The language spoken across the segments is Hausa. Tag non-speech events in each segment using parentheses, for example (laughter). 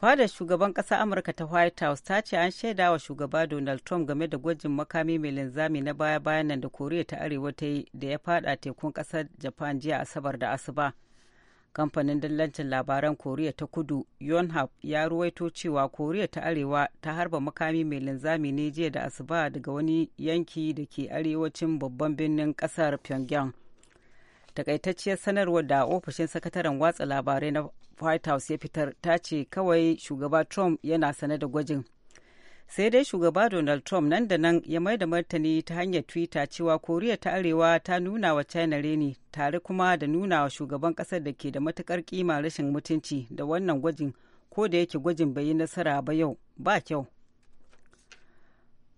fadar shugaban ƙasa amurka ta white house ta ce an shaida wa shugaba donald trump game da gwajin makami mai linzami na baya-bayan nan da koriya ta arewa ta yi da ya fada tekun ƙasar japan jiya asabar da asuba kamfanin dillancin labaran koriya ta kudu yonhap ya ruwaito cewa koriya ta arewa ta harba makami mai linzami ne jiya da asuba daga wani yanki da ke arewacin babban birnin ƙasar pyongyang takaitacciyar sanarwar da ofishin sakataren watsa labarai na white house ya fitar ta ce kawai shugaba trump yana sane da gwajin sai dai shugaba donald trump nan da nan ya mai da martani ta hanyar twitter cewa koriya ta arewa ta nuna wa china reni tare kuma da nuna wa shugaban kasar da ke da matukar kima rashin mutunci da wannan gwajin ko da yake gwajin bai yi nasara ba yau ba kyau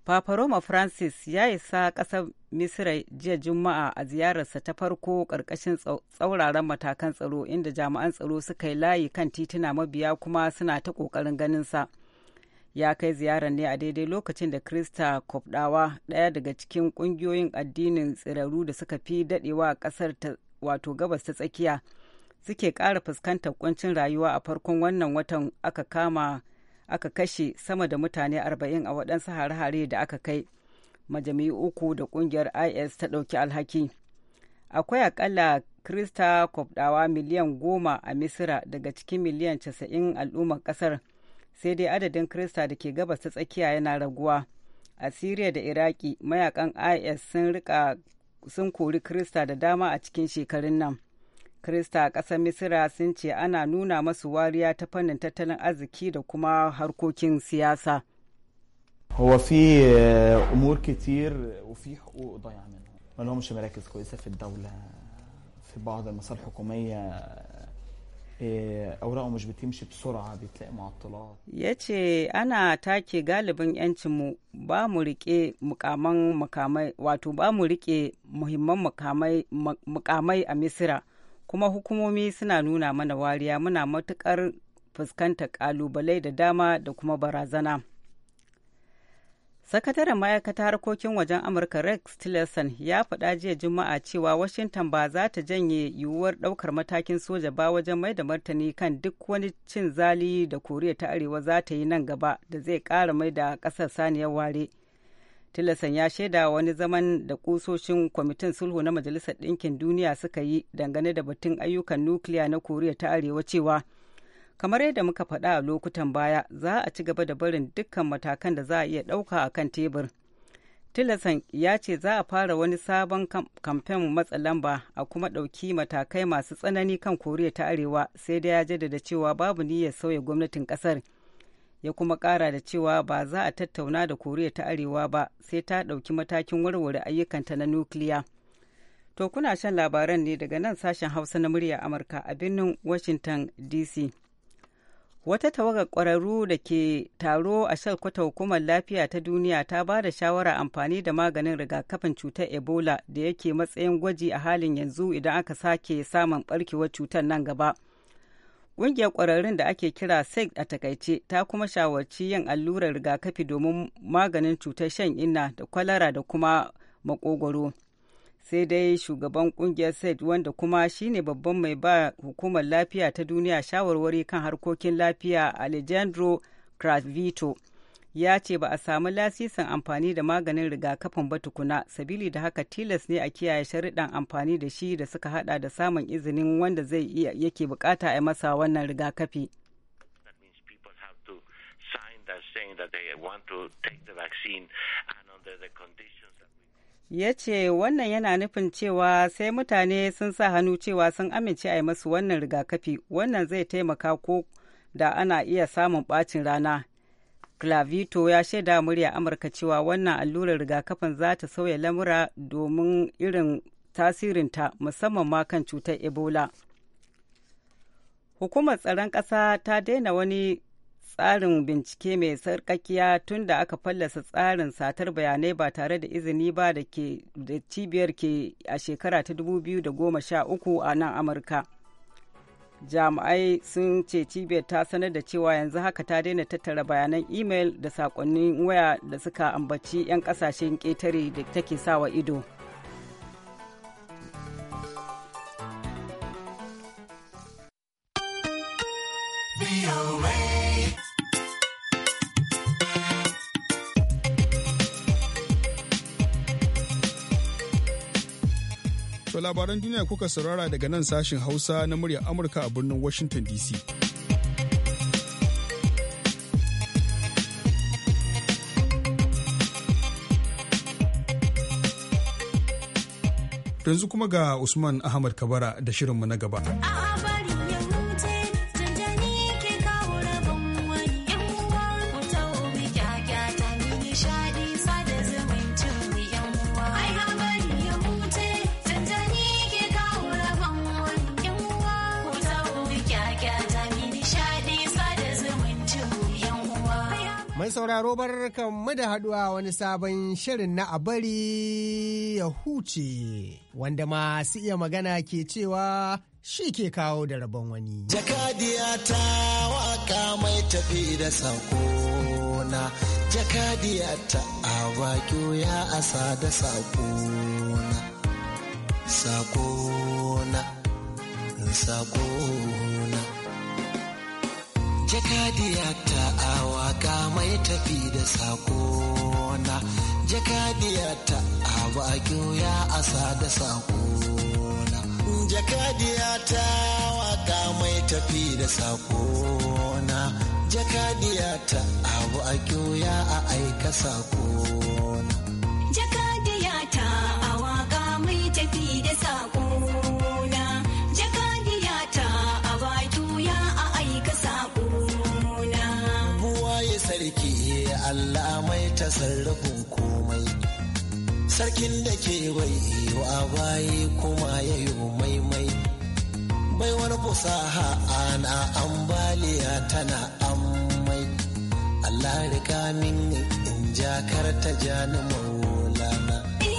Papa Roma Francis ya isa ƙasar misira jiya juma'a a ziyararsa ta farko ƙarƙashin tsauraran matakan tsaro inda jami'an tsaro suka yi layi kan tituna mabiya kuma suna ta ƙoƙarin ganinsa ya kai ziyarar ne a daidai lokacin da krista kofdawa ɗaya daga cikin ƙungiyoyin addinin tsiraru da suka fi daɗewa a ƙasar wato gabas ta tsakiya suke ƙara fuskantar kuncin rayuwa a farkon wannan watan aka kama aka kashe sama da mutane arba'in a waɗansu hare-hare da aka kai majami'u uku da kungiyar is ta ɗauki alhaki akwai akalla krista kwabdawa miliyan goma a misira daga cikin miliyan casa'in al'ummar ƙasar sai dai adadin krista da ke gabas ta tsakiya yana raguwa a siriya da iraki mayakan is sun rika sun kori krista da dama a cikin shekarun nan krista a ƙasar misira sun ce ana nuna masu wariya ta fannin tattalin arziki da kuma harkokin siyasa هو في امور كتير وفي حقوق ضايعه ana take galibin yancinmu ba mu rike mukaman mukamai wato ba mu rike muhimman mukamai a misira kuma hukumomi suna nuna mana wariya muna matuƙar fuskantar kalubale da dama da kuma barazana Sakataren ma'aikata harkokin wajen Amurka Rex Tillerson ya faɗa jiya Juma'a cewa Washington ba za ta janye yiwuwar ɗaukar matakin soja ba wajen mai da martani kan duk wani cin zali da Koriya ta Arewa za ta yi nan gaba da zai ƙara mai da ƙasar saniyar ware. Tillerson ya shaida wani zaman da kusoshin kwamitin sulhu na Majalisar Ɗinkin Duniya suka yi dangane da batun ayyukan nukiliya na Koriya ta Arewa cewa. kamar yadda muka faɗa a lokutan baya za a ci gaba da barin dukkan matakan da za a iya ɗauka a kan tebur tilasan ya ce za a fara wani sabon kamfen matsa lamba a kuma ɗauki matakai masu tsanani kan koriya ta arewa sai dai ya jaddada cewa babu niyyar sauya gwamnatin ƙasar ya kuma ƙara da cewa ba za a tattauna da koriya ta arewa ba sai ta ɗauki matakin warware ayyukanta na nukiliya to kuna shan labaran ne daga nan sashen hausa na murya amurka a birnin washington dc wata tawagar ƙwararru da ke taro a shalkwata hukumar lafiya ta duniya ta ba da shawara amfani da maganin rigakafin cutar ebola da yake matsayin gwaji a halin yanzu idan aka sake samun barkewar cutar nan gaba ƙungiyar ƙwararrun da ake kira sec a takaice ta kuma shawarci yin allurar rigakafi domin maganin cutar shan inna da kwalara da kuma makogwaro sai dai shugaban kungiyar said wanda kuma shine babban mai ba hukumar lafiya ta duniya shawarwari kan harkokin lafiya alejandro cravito ya ce ba a samu lasisin amfani da maganin rigakafin ba tukuna sabili da haka tilas ne a kiyaye sharuɗan amfani da shi da suka hada da samun izinin wanda zai iya yake bukata a masa wannan rigakafi ya ce wannan yana nufin cewa sai mutane sun sa hannu cewa sun amince a yi masu wannan rigakafi wannan zai taimaka ko da ana iya samun ɓacin rana clavito ya shaida murya amurka cewa wannan allurar rigakafin za ta sauya lamura domin irin tasirin ta, musamman ma kan cutar ebola hukumar tsaron ƙasa ta daina wani tsarin bincike mai sarkakiya tun da aka fallasa tsarin satar bayanai ba tare da izini ba da cibiyar ke a shekara ta 2013 a nan amurka jami'ai sun ce cibiyar ta sanar da cewa yanzu haka ta daina tattara bayanan imel da saƙonnin waya da suka ambaci 'yan ƙasashen ƙetare da take sawa ido. labaran duniya kuka saurara daga nan sashin Hausa na muryar Amurka a birnin Washington DC. Yanzu kuma ga Usman Ahmad Kabara da shirinmu na gaba. Mai sauraro mu da haduwa wani sabon shirin na abari ya huce wanda masu iya magana ke cewa shi ke kawo da rabon wani. Jakadiya ta waka mai tafi da sakona, jakadiya ta a ya asa da sakona, sakona, sakona. jakadiyata ta waka mai tafi da sakona jakadiyata a bakin ya asa da sakona jakadiyata waka mai tafi da sakona jakadiyata a bakin ya a aika sakona sarrafin komai sarkin da ke baiwa baye kuma ya yi maimai bai wani fusaha ana ambaliya tana amai Allah rika min in jakar ta jani maulana eh,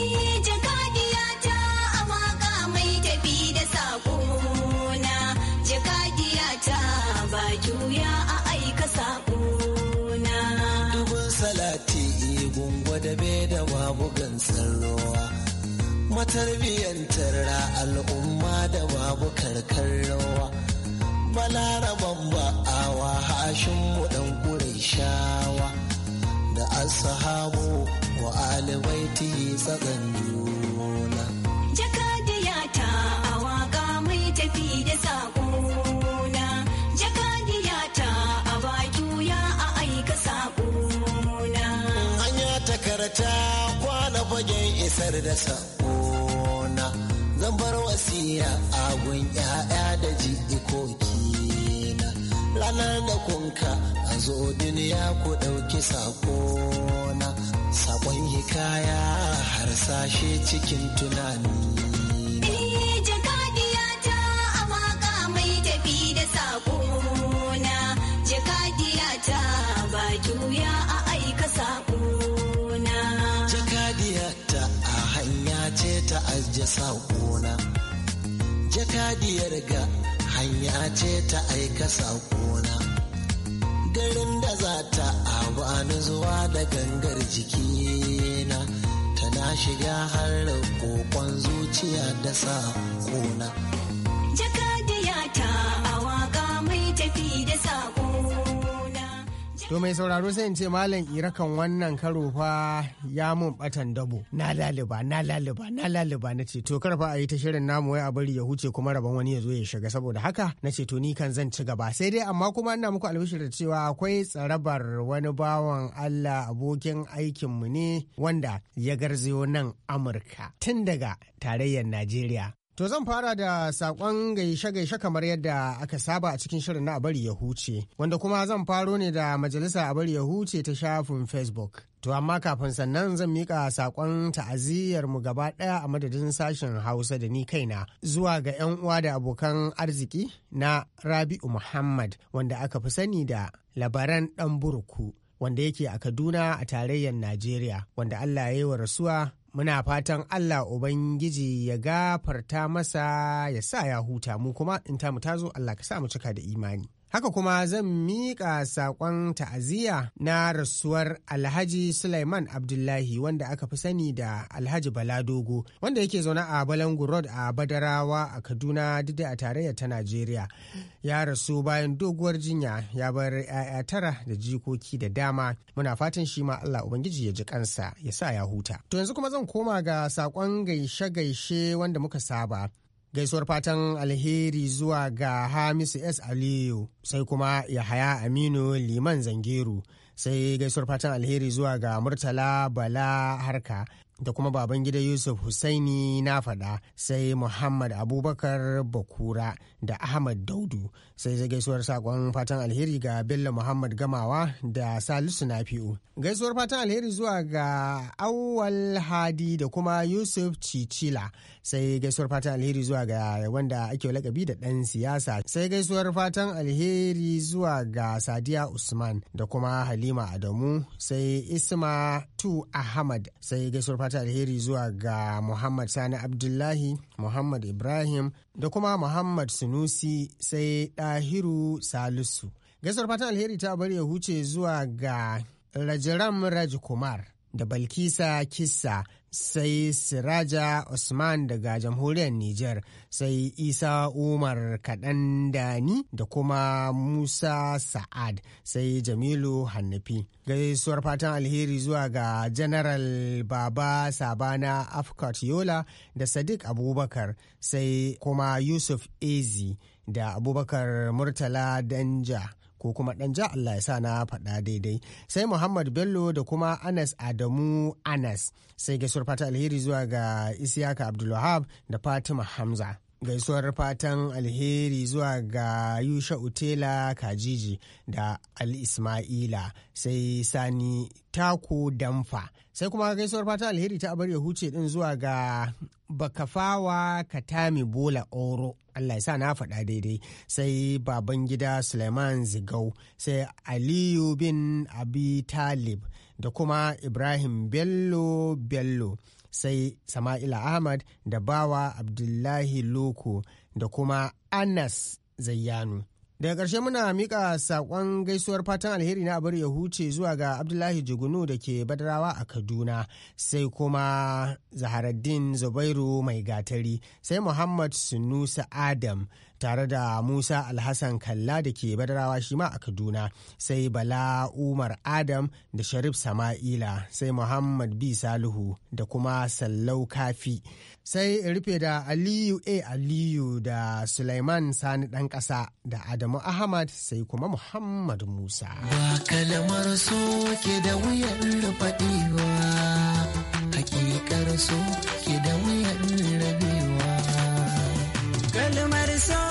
juya a matarbiyantar al'umma da babu karkarrawa balaraban ba'awa hashin mu dan shawa da Asahabu wa alibaiti tsakan juna jakadiya a awaka mai tafi da a sako ta kwana fagen isar da sa zan bar wasiya agun ya'ya da jikoki na ranar da kunka a zo duniya ku ɗauki sakona sakon hikaya harsashe cikin tunani Juya a aika saƙona. Jakadiya ta ajiye saƙona jakadiyar ga hanya ce ta aika saƙona garin da za ta abani zuwa da gangar jikina tana shiga har kokon zuciya da saƙona To mai sauraro sai in ce Malam Ira kan wannan karo fa ya mun batan dabo. Na laliba, na laliba, na laliba na ce to karfa a yi ta shirin namu wai a bari ya huce kuma rabon wani ya zo ya shiga saboda haka na ce to ni kan zan ci gaba. Sai dai amma kuma ina muku albishir da cewa akwai tsarabar wani bawan Allah abokin aikin mu ne wanda ya garzayo nan Amurka tun daga tarayyar Najeriya To zan fara da sakon gaishe-gaishe kamar yadda aka saba a cikin shirin na bari ya huce, wanda kuma zan faro ne da majalisa a bari ya huce ta shafin Facebook. To amma kafin sannan zan mika sakon ta'aziyyar mu gaba ɗaya a madadin sashen Hausa da ni kaina zuwa ga 'yan uwa da abokan arziki na Rabi'u Muhammad wanda aka fi sani da labaran ɗan burku wanda yake a Kaduna a tarayyar Najeriya wanda Allah ya yi wa rasuwa muna fatan Allah Ubangiji ya gafarta masa ya sa ya huta mu kuma in tamu tazo Allah ka sa mu cika da imani. Haka kuma zan miƙa saƙon ta'aziyya na rasuwar Alhaji Sulaiman Abdullahi wanda aka fi sani da Alhaji Baladogo wanda yake zaune a Balangu Road a Badarawa a Kaduna duk a tarayyar ta Najeriya. Ya rasu bayan doguwar jinya ya bar 'ya'ya tara da jikoki da dama. Muna fatan shi ma Allah Ubangiji ya ji kansa ya sa ya huta. To yanzu kuma zan koma ga saƙon gaishe-gaishe wanda muka saba. gaisuwar fatan alheri zuwa ga hamisu s aliyu sai kuma yahaya aminu liman zangeru sai gaisuwar fatan alheri zuwa ga murtala bala harka da kuma Babangida Yusuf Husaini na faɗa sai Muhammad Abubakar Bakura da Ahmad Daudu sai zai gaisuwar sakon fatan alheri ga Bello Muhammad Gamawa da Salisu Nafi'u. Gaisuwar fatan alheri zuwa ga Awwal Hadi da kuma Yusuf Cicila sai gaisuwar fatan alheri zuwa ga wanda ake lakabi da ɗan siyasa sai gaisuwar fatan alheri zuwa ga Sadiya Usman da kuma Halima Adamu sai Isma Tu Ahmad sai gaisuwar fata alheri zuwa ga Muhammad Sani Abdullahi, Muhammad Ibrahim da kuma Muhammad Sunusi sai ɗahiru Salisu. gasar fatan alheri ta bari ya huce zuwa ga Rajaram Rajkumar da Balkisa Kissa sai siraja usman daga jamhuriyar Nijar, sai isa umar kaɗan dani da kuma musa sa'ad sai jamilu hannafi gaisuwar fatan alheri zuwa ga general baba sabana afkat yola da sadiq abubakar sai kuma yusuf ezi da abubakar murtala danja ko kuma ɗan ja Allah ya sa na faɗa daidai sai Muhammad Bello da kuma Anas Adamu Anas sai gaisuwar fatan alheri zuwa ga Isiyaka Abdulwahab da Fatima Hamza. gaisuwar fatan alheri zuwa ga yusha utela kajiji da al-ismaila sai sani tako damfa sai kuma gaisuwar fatan alheri ta abar ya huce din zuwa ga bakafawa katami bola oro Allah ya sa na faɗa daidai sai baban gida Suleiman Zigau sai Aliyu bin Abi Talib da kuma Ibrahim Bello Bello sai Sama'ila Ahmad da bawa Abdullahi Loko da kuma Anas Zayyanu daga ƙarshe muna mika saƙon gaisuwar fatan alheri na abar ya huce zuwa ga abdullahi jugunu da ke badarawa a kaduna sai kuma zaharaddin zubairu mai gatari sai muhammad sunusa adam tare da Musa Alhassan Kalla da ke Badarawa shi ma a Kaduna sai Bala Umar Adam da Sharif Sama'ila sai Muhammad B Salihu da kuma Sallau Kafi sai rufe da Aliyu A Aliyu da Sulaiman Sani ɗan ƙasa da Adamu Ahmad sai kuma Muhammad Musa. Ba kalamar so ke da wuyan faɗiwa hakikar so ke da wuyan rabewa. Kalmar so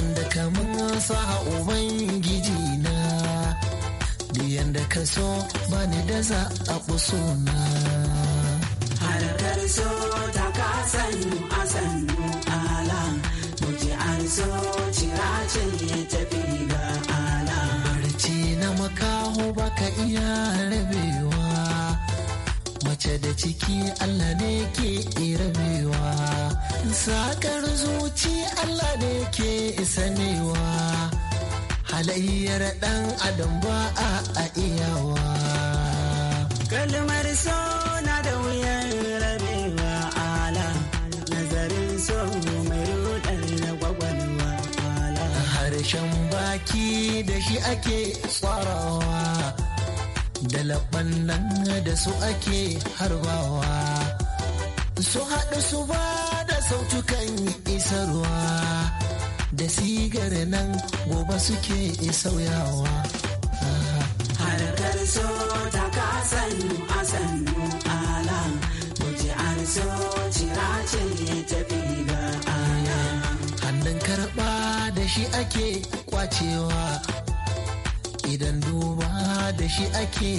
wanda kamun sa ubangiji na da yanda ka so ba ni da za a kuso na so ta ka sannu a sannu ala muji an so ciracin ya tafi ga ala barci na makaho baka iya rabewa mace da ciki allah ne ke rabewa sakar zuci Allah da yake isanewa halayyar ɗan adam ba a iyawa kalmar so na da wuyan rabewa ala nazarin so mai rudar na gwagwalwa ala harshen baki da shi ake tsarawa da laɓan nan da su ake harbawa su haɗu su ba sautukan isarwa da sigar nan gobe suke sauyawa harkar so ta kasannu a sannu ala guji an so cirace tafi ga ala hannun karɓa da shi ake kwacewa idan duba da shi ake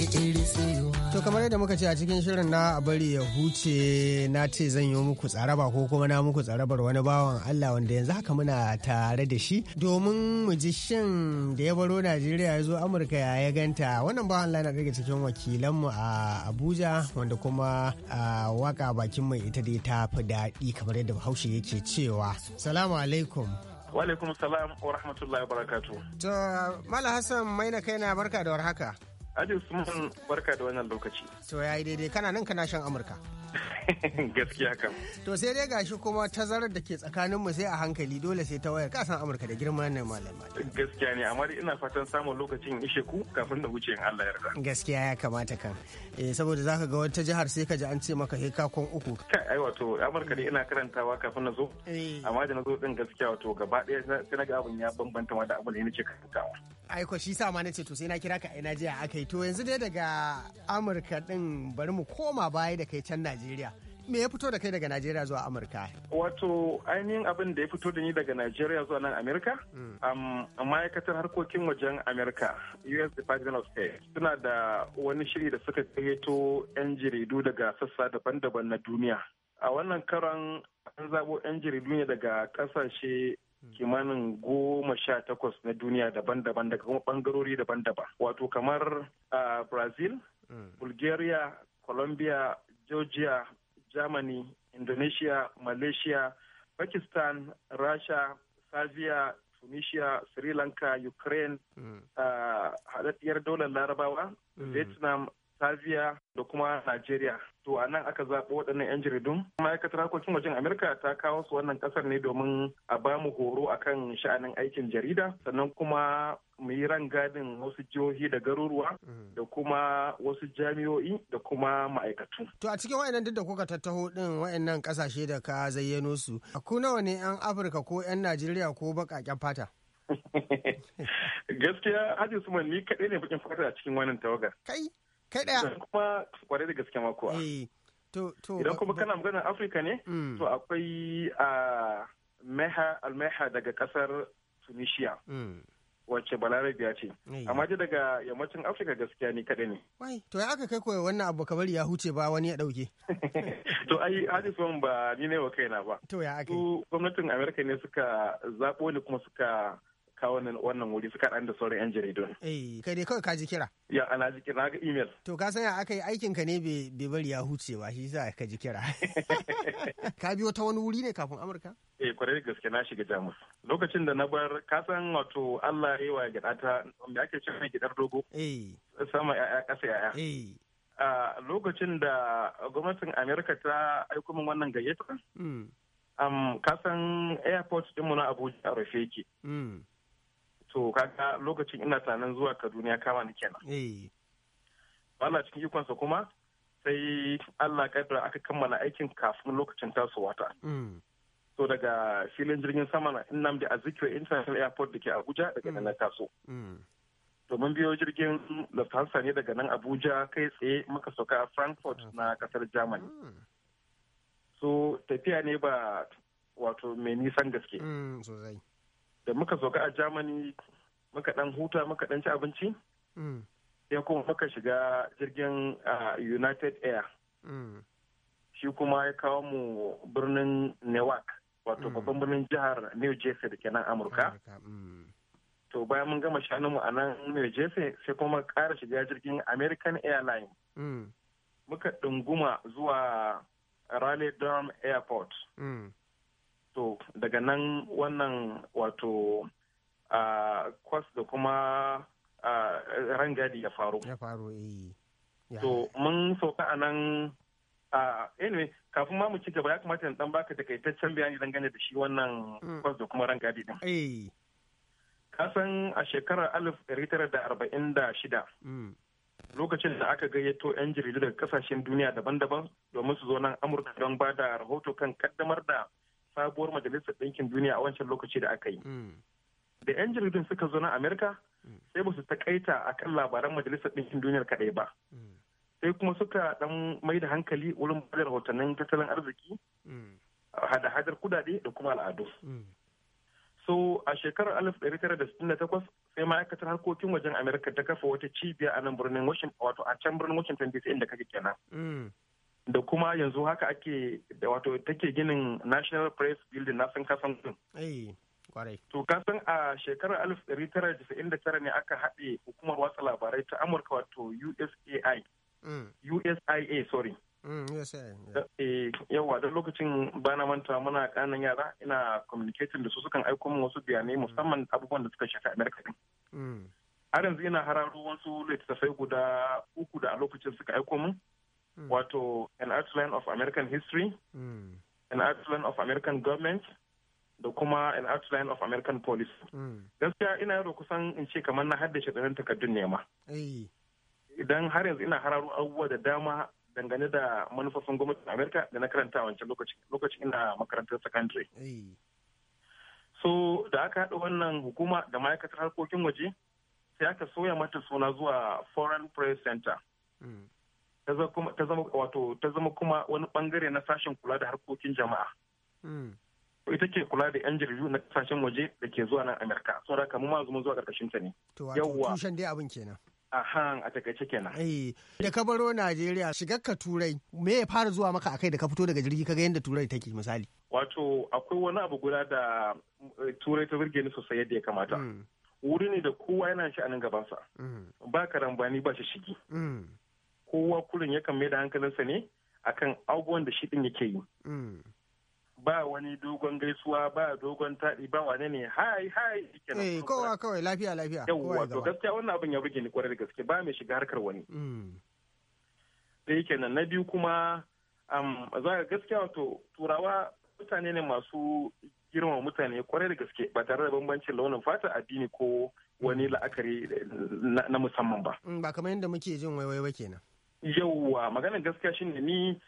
To kamar yadda muka ce a cikin shirin na a bari ya huce na ce zan yi muku tsaraba ko kuma na muku tsarabar wani bawan Allah wanda yanzu haka muna tare da shi domin mu ji shin da ya baro Najeriya ya zo Amurka ya ya ganta wannan bawan Allah na daga cikin wakilanmu a Abuja wanda kuma waka bakin mai ita dai ta fi daɗi kamar yadda Bahaushe yake cewa. Salamu alaikum. Wa alaikum salam wa rahmatullahi wa barakatuh. To Mala Hassan maina na barka da warhaka. Aji Usman barka da wannan lokaci. To yayi daidai kana nan kana shan Amurka. (laughs) gaskiya kam to sai dai gashi kuma tazarar da ke tsakaninmu sai a hankali dole sai ta wayar kasan amurka da girma nan malam. gaskiya ne amma ina fatan samun lokacin ishe ku kafin da wuce in allah yarda gaskiya ya kamata kan eh saboda zaka ga wata jihar sai ka ji an ce maka heka kon uku ai wato amurka ne ina karantawa kafin na zo eh. amma da na zo din gaskiya wato gaba daya sai na ga abin ya bambanta ma da abin da nace karantawa ai ko shi sa ma nace to sai na kira ka a Najeriya akai to yanzu dai daga Amurka din bari mu koma baya da kai can Najeriya Najeriya. Me ya fito da kai daga Najeriya zuwa Amurka? Wato ainihin abin da ya fito da ni daga Najeriya zuwa nan Amurka? A mm. um, ma'aikatar harkokin wajen Amurka, US Department of State, suna da wani shiri da suka kaito 'yan jaridu daga sassa daban-daban na duniya. A wannan karan an zabo 'yan jaridu ne daga ƙasashe mm. kimanin goma sha takwas na duniya daban-daban daga kuma bangarori daban-daban wato kamar uh, brazil mm. bulgaria colombia georgia germany indonesia malaysia pakistan russia serbia tunisia sri lanka ukraine hmm. uh, haɗaɗɗiyar daular larabawa hmm. vietnam Latvia da kuma Najeriya. To a nan aka zaɓi waɗannan 'yan jaridun. Ma'aikatar harkokin wajen Amurka ta kawo su wannan ƙasar ne domin a ba mu horo a kan sha'anin aikin jarida sannan kuma mu yi rangadin wasu jihohi da garuruwa mhm. da kuma wasu jami'o'i da kuma ma'aikatu. To a cikin wa'annan duk da kuka tattaho ɗin wa'annan ƙasashe da ka zayyano su, ku nawa ne 'yan Afirka ko 'yan Najeriya ko baƙaƙen fata? (laughs) Gaskiya ajin Suman ni kaɗai ne bakin fata a cikin wannan tawagar. Kai? kai daya kuma kware da gaske ma kuwa eh, idan kuma kana magana afrika ne mm. to akwai a meha almeha daga kasar tunisia mm. wacce balarabiya ce amma ji daga yammacin afrika gaskiya ni kaɗai ne wai to ya aka kai koyo wannan abu kamar ya huce ba wani ya ɗauke (laughs) to ai hadisun ba ni ne wa kaina ba to ya aka gwamnatin amerika ne suka zaɓo ni kuma suka kawo wannan wuri suka ɗan da sauran 'yan jaridun. Eh, kai dai kawai ka ji kira. Ya, ana ji kira ga email. To, ka sanya aka yi aikin ka ne bai bari ya huce ba, shi sa ka ji kira. (laughs) Ka biyo ta wani wuri ne kafin Amurka? Eh, kwarai gaske na shiga Jamus. Lokacin da na bar, ka san wato Allah ya yi wa gida ta, me ake cewa mai gidar dogo? Eh. Sama 'ya'ya ƙasa 'ya'ya. Eh. A lokacin da gwamnatin Amerika ta aiko min wannan gayyata, um, hmm. kasan airport mu na Abuja a rufe yake. Hmm. to kaga lokacin ina tunanin zuwa kaduna ya kama ni kenan eh. bana cikin ikonsa kuma sai allah kaifar aka kammala aikin kafin lokacin tasowata so mm. daga filin jirgin sama na nnamdi azikiwe international airport da ke abuja daga nan na mm. taso domin mm. biyo jirgin lufthansa ne daga nan abuja kai tsaye muka sauka a frankfurt ah. na kasar germany so tafiya ne ba wato mai nisan gaske da muka soka a germany muka dan huta muka dan ci abinci mm. sai kuma muka shiga jirgin united air mm. shi kuma ya kawo mu birnin newark wato mm. babban birnin jihar new jersey da ke nan amurka to bayan mun gama shanunmu a nan new jersey sai kuma kara shiga jirgin american mm. muka dunguma zuwa raleigh durham airport mm. to daga nan wannan wato kwas da kuma rangadi ya faru ya faru eh to mun sauka a nan anyway kafin ma mu ci gaba ya kamata in dan baka takaitaccen bayani dangane da shi wannan mm. kwas da kuma rangadi din eh. kasan a shekarar alif tara da arba'in da shida mm. lokacin da aka gayyato 'yan jaridu daga kasashen duniya daban-daban domin su zo nan amurka don ba da rahoto kan kaddamar da sabuwar majalisar ɗinkin duniya a wancan lokaci da aka yi hmm. da 'yan jaridun suka zo na amerika hmm. sai ba su a kan labaran majalisar ɗinkin duniyar kaɗai ba hmm. sai kuma suka ɗan mai da hankali wurin bada rahotannin tattalin arziki da hadar kudade da kuma al'adu so a shekarar 1968 sai ma'aikatar harkokin wajen amerika ta kafa wata cibiya a nan birnin washington wato a can birnin washington dc inda kake kenan da kuma yanzu haka ake da wato take ginin national press building na san kasan to kasan a shekarar 1999 ne aka haɗe hukumar watsa labarai ta amurka wato usai mm. usia sorry mm, eh, yawa lokacin bana manta muna kanan yara ina communicating da su sukan aiko min wasu bayanai mm. musamman abubuwan da suka shafi amerika din har yanzu ina hararo wasu littattafai guda uku da a lokacin suka aiko min Mm. wato an outline of american history mm. an outline of american government da kuma an outline of american police. Mm. gaskiya ina yaro kusan in ce kamar na haddace ɗanin takardun ne ma idan har yanzu ina hararo abubuwa da dama dangane da manufofin gwamnatin amerika da na karanta wancan lokacin ina makarantar secondary so da aka haɗa wannan hukuma da ma'aikatar harkokin waje sai aka soya mata suna zuwa foreign press center ta zama kuma wani bangare na sashen kula da harkokin jama'a hmm. ita ke kula da yan jirgi na kasashen waje da ke zuwa nan amurka saboda kamar ma zuma zuwa karkashin ta ne to wato tushen dai abin kenan Aha, a takaice kenan eh da ka baro Najeriya shigar ka turai me ya fara zuwa maka akai da ka fito daga jirgi kaga yanda turai take misali wato akwai wani abu guda da eh, turai ta birge ni sosai yadda ya kamata hmm. wuri ne da kowa yana shi a nan gabansa hmm. ba karambani ba shi shigi kowa kullum yakan mai da hankalinsa ne akan abubuwan da shi din yake yi mm. ba wani dogon gaisuwa ba dogon taɗi ba wane ne hai hai Eh kowa kawai lafiya lafiya yawwa to gaskiya wannan abin ya buge ni kwarai da gaske ba mai shiga harkar wani da mm. yake nan na biyu kuma za ga gaskiya wato turawa mutane ne masu girma mutane kwarai da gaske ba tare da bambancin launin fata addini ko wani mm. la'akari na musamman ba. Ba kamar yadda muke jin ba kenan. yauwa maganin gaskiya shi ne ni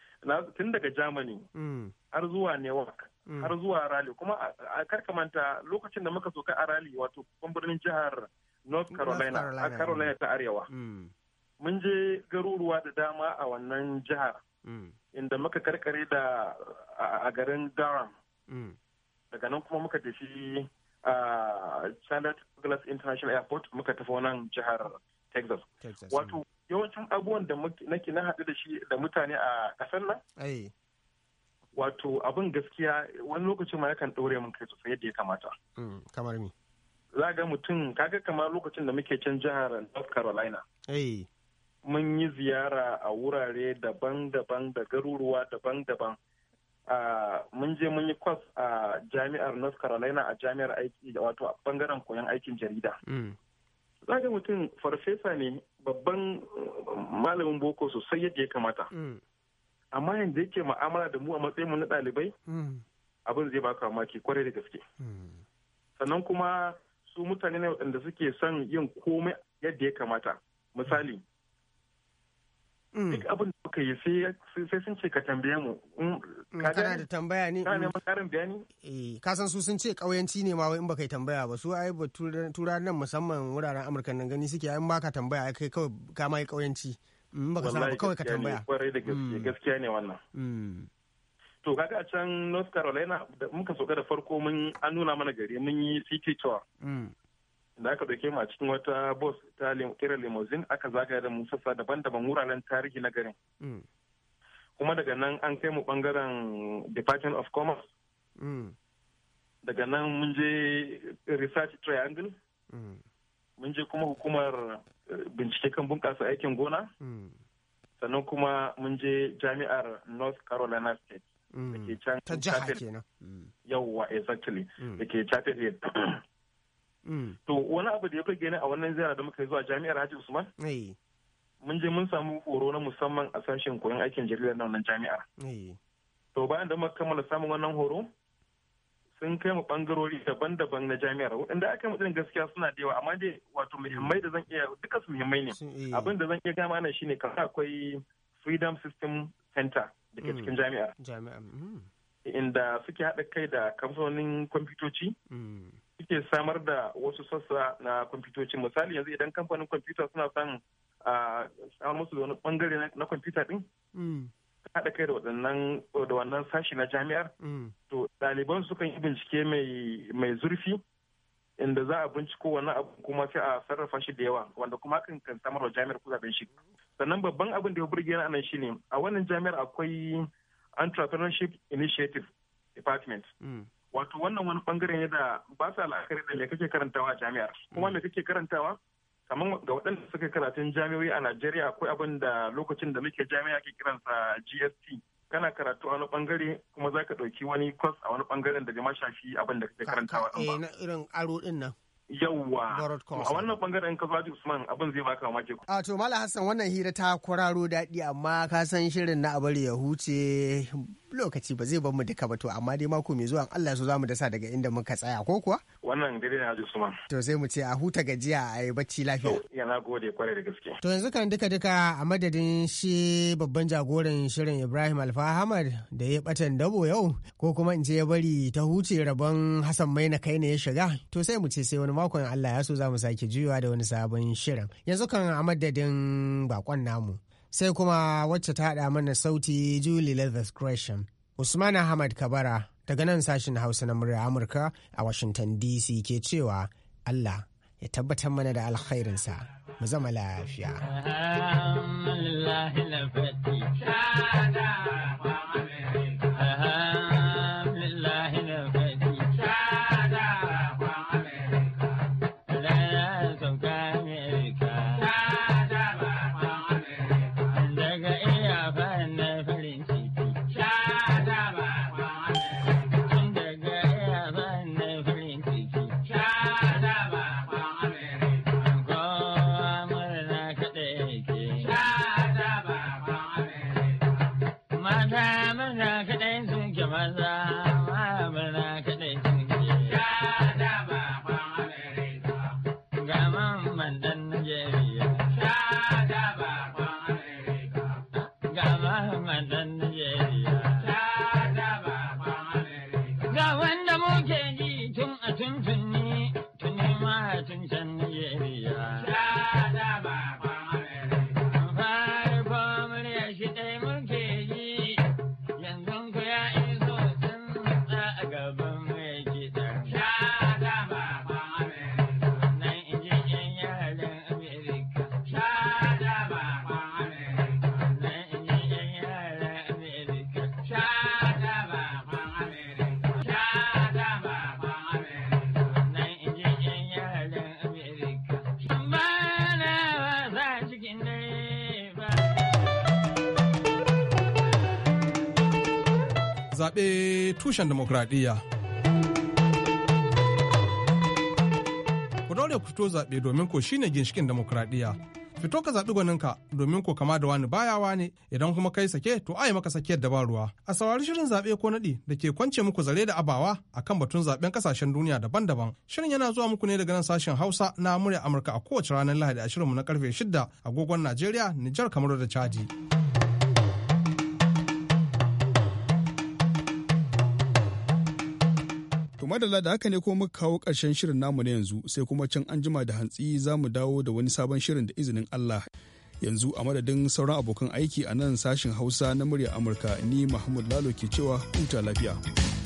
tun daga germany mm. har zuwa newark mm. har zuwa rally kuma a karkamanta lokacin da muka soka a rally wato babban birnin jihar north carolina a carolina ta arewa mm. mun je garuruwa da dama a wannan jihar inda muka karkare da a garin durham daga nan kuma muka tafi a charlotte douglas international airport muka tafi wannan jihar texas wato yawancin abubuwan da nake na haɗu da shi da mutane a ƙasar nan wato abin gaskiya wani lokacin ma yakan ɗore min kai sosai yadda ya kamata mm, kamar me za ga mutum kaga kamar lokacin da muke can jihar North Carolina mun yi ziyara a wurare daban-daban da garuruwa daban-daban mun je mun yi kwas a jami'ar north carolina a jami'ar aiki wato a bangaren koyon aikin jarida mm. Za ga mutum farfesa ne babban uh, malamin boko sosai yadda ya kamata mm. amma yadda yake ma'amala da mu a matsayin mu na ɗalibai mm. abin zai baka mamaki kwarai da gaske mm. sannan kuma su mutane ne waɗanda suke son yin komai yadda ya kamata misali Mm. duk abin da kuka yi sai sun ce ka tambaye mu mm, kana da tambaya ne kana neman karin bayani eh ka san su sun ce kauyanci ne ma wai in baka yi tambaya ba su ai ba turan nan musamman wuraren amurka nan gani suke ai baka tambaya kai kawai ka ma yi kauyanci in baka san ba kawai ka tambaya kwarai da gaske mm. gaskiya ne wannan to kaga a can North Carolina muka soka da farko mun an nuna mana gari mun yi city tour da aka dauke mu a cikin wata bus ta kira limousine aka zagaya da mu sassa daban-daban wuraren tarihi na garin mm. kuma daga nan an kai mu bangaren department of commerce mm. daga nan mun je research triangle mm. mun je kuma hukumar eh, bincike kan bunƙasa aikin gona sannan kuma mun je jami'ar north carolina state ta jiha kenan yawwa exactly da ke Mm. to wani abu da ya burge ni a wannan ziyara da muka yi zuwa jami'ar Haji Usman mun je mun samu horo na musamman a sashen koyon aikin jaridar na wannan jami'ar to bayan da muka kammala samun wannan horo sun kai mu bangarori daban-daban na jami'ar waɗanda aka mutum gaskiya suna da yawa amma dai wato muhimmai da zan iya duka su muhimmai ne abin da zan iya gama nan shine kamar akwai freedom system center da ke mm. cikin jami'ar mm. inda suke haɗa kai da kamfanonin kwamfutoci suke samar da wasu sassa na kwamfutoci misali yanzu idan kamfanin kwamfuta suna son a samar musu da bangare na kwamfuta din mm. haɗa kai da wannan sashi na jami'ar mm. to ɗaliban sukan yi bincike mai zurfi inda za a binciko wani abu kuma sai a sarrafa shi da yawa wanda kuma hakan kan samar wa jami'ar kuzaben shi sannan babban abin da ya burge na anan shine a wannan jami'ar akwai entrepreneurship initiative department mm. wato wannan wani bangare ne da ba sa la'akari da me kake karantawa a jami'ar kuma me kake karantawa kamar ga waɗanda suka karatun jami'o'i a Najeriya akwai abin da lokacin da muke jami'a ke kiransa GST kana karatu a wani bangare kuma za ka ɗauki wani kwas a wani bangaren da bai ma shafi abin da kake karantawa ɗin ba. Eh, irin aro ɗin nan. yawwa a wannan bangaren ka zaji usman abin zai baka mamaki a to Malam hassan wannan hira ta kwararo daɗi amma ka san shirin na abari ya huce lokaci ba zai bar mu duka ba to amma dai mako mai zuwa Allah ya so zamu dasa daga inda muka tsaya ko kuwa wannan dare na Usman to sai mu ce a huta gajiya a yi bacci lafiya yana gode kwarai da gaske to yanzu kan duka duka a madadin shi babban jagoran shirin Ibrahim Alfa da ya batan dabo yau ko kuma in ce ya bari ta huce rabon Hassan Maina kai ne ya shiga to sai mu ce sai wani makon Allah ya so zamu sake juyawa da wani sabon shirin yanzu kan a madadin bakon namu sai kuma wacce ta haɗa mana sauti Julie Leathers Gresham. Usman Ahmad Kabara daga nan sashen Hausa na murya Amurka a Washington DC ke cewa Allah ya tabbatar mana da alkhairinsa mu zama lafiya. tushen demokradiyya. Ku daure ku fito zaɓe domin ko shine ginshikin demokradiyya. Fito ka zaɓi gwaninka domin ko kama da wani baya wani idan kuma kai sake to ai maka sakiyar da ruwa. A saurari shirin zaɓe ko naɗi da ke kwance muku zare da abawa a kan batun zaɓen ƙasashen duniya daban-daban. Shirin yana zuwa muku ne daga nan sashen Hausa na murya Amurka a kowace ranar Lahadi a shirinmu na karfe shidda agogon Najeriya, Nijar, kamar da Chadi. To madalla da haka ne ko muka kawo ƙarshen shirin namu na yanzu sai kuma can an jima da hantsi za mu dawo da wani sabon shirin da izinin Allah. Yanzu a madadin sauran abokan aiki a nan sashin Hausa na murya Amurka ni Mahmud Lalo ke cewa huta lafiya.